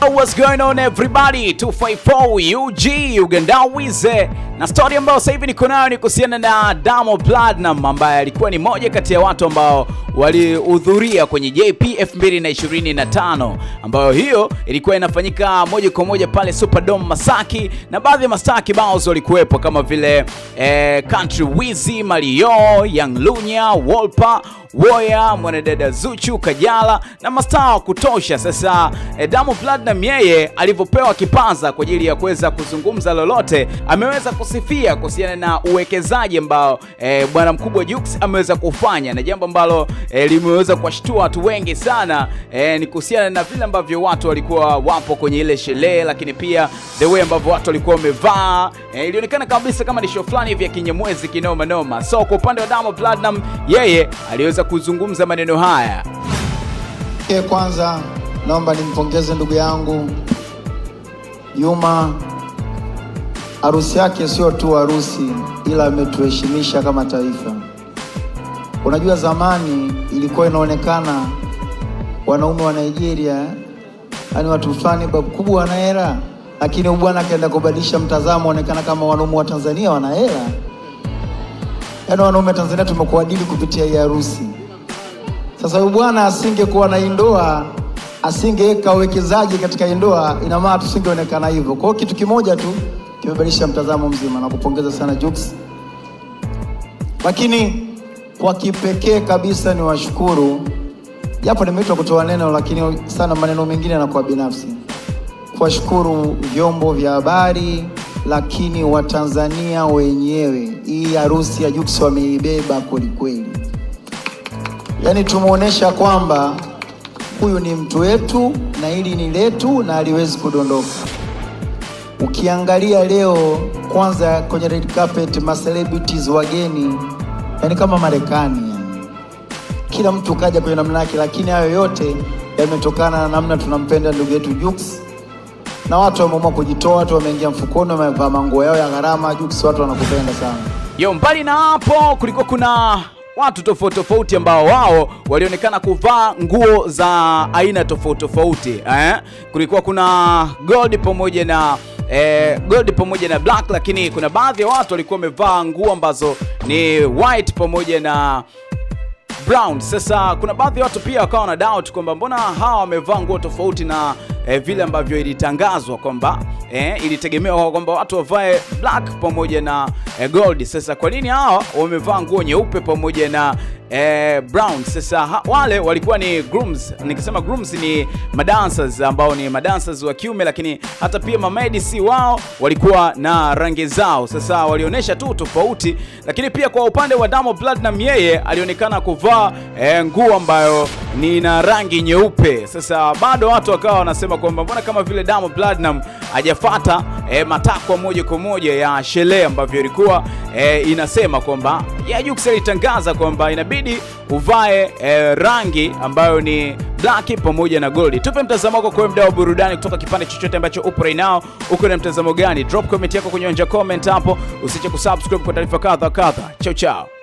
What's going on everybody 254 UG Uganda Wize na story ambayo sasa hivi niko nayo ni kuhusiana na damo Platnumz ambaye alikuwa ni moja kati ya watu ambao walihudhuria kwenye JP 2025 ambayo hiyo ilikuwa inafanyika moja kwa moja pale Superdome Masaki, na baadhi ya mastaa kibao walikuwepo kama vile eh, Country Wizzy, Mario, Young Lunya, Wolpa Woya, mwanadada Zuchu, Kajala na mastaa wa kutosha. Sasa eh, Diamond Platnumz yeye alivyopewa kipaza kwa ajili ya kuweza kuzungumza lolote, ameweza kusifia kuhusiana na uwekezaji ambao e, bwana mkubwa Jux ameweza kufanya na jambo ambalo e, limeweza kuwashtua watu wengi sana e, ni kuhusiana na vile ambavyo watu walikuwa wapo kwenye ile sherehe, lakini pia the way ambavyo watu walikuwa wamevaa e, ilionekana kabisa kama ni show fulani hivi ya kinyamwezi kinoma noma. So kwa upande wa Diamond Platnumz yeye aliweza kuweza kuzungumza maneno haya. E, kwanza naomba nimpongeze ndugu yangu Juma. Harusi yake sio tu harusi, ila ametuheshimisha kama taifa. Unajua, zamani ilikuwa inaonekana wanaume wa Nigeria yani watu fulani babu kubwa wana hela, lakini bwana akaenda kubadilisha mtazamo, onekana kama wanaume wa Tanzania wana hela. Yaani wanaume wa Tanzania tumekuadili kupitia hii harusi. Sasa huyu bwana asingekuwa na indoa ndoa, asingeweka uwekezaji katika indoa ndoa, ina maana tusingeonekana hivyo. Kwa hiyo kitu kimoja tu kimebadilisha mtazamo mzima, na kupongeza sana Jux. Lakini kwa kipekee kabisa ni washukuru, japo nimeitwa kutoa neno, lakini sana maneno mengine yanakuwa binafsi, kuwashukuru vyombo vya habari lakini Watanzania wenyewe, hii harusi ya Jux wameibeba kwelikweli yani tumuonesha kwamba huyu ni mtu wetu na hili ni letu na aliwezi kudondoka. Ukiangalia leo kwanza kwenye red carpet ma celebrities wageni, yani kama Marekani, yaani. kila mtu kaja kwenye namna yake, lakini hayo yote yametokana na namna tunampenda ndugu yetu Jux na watu wameamua kujitoa, watu wameingia mfukoni, wamevaa manguo yao ya gharama. Jux, watu wanakupenda sana. Yo, mbali na hapo kuliko kuna watu tofauti tofauti ambao wao walionekana kuvaa nguo za aina tofauti tofauti eh? Kulikuwa kuna gold pamoja na eh, gold pamoja na black, lakini kuna baadhi ya watu walikuwa wamevaa nguo ambazo ni white pamoja na brown. Sasa kuna baadhi ya watu pia wakawa na doubt kwamba mbona hawa wamevaa nguo tofauti na eh, vile ambavyo ilitangazwa kwamba eh, ilitegemewa kwamba watu wavae black pamoja na eh, gold. Sasa kwa nini hawa wamevaa nguo nyeupe pamoja na eh, Brown. Sasa ha, wale walikuwa ni grooms. Nikisema grooms ni madancers ambao ni madancers wa kiume, lakini hata pia si wao walikuwa na rangi zao. Sasa walionyesha tu tofauti, lakini pia kwa upande wa Diamond Platnumz, yeye alionekana kuvaa eh, nguo ambayo ni na rangi nyeupe. Sasa bado watu wakawa wanasema kwamba mbona kama vile Diamond Platnumz hajafata e, matakwa moja kwa moja ya sherehe ambavyo ilikuwa e, inasema kwamba ya Jux alitangaza kwamba inabidi uvae e, rangi ambayo ni black pamoja na gold. Tupe mtazamo wako kwa mda wa burudani kutoka kipande chochote ambacho upo right now. Uko na mtazamo gani? Drop comment yako kwenye onja comment hapo, usiche kusubscribe kwa taarifa kadha kadha. Chao chao.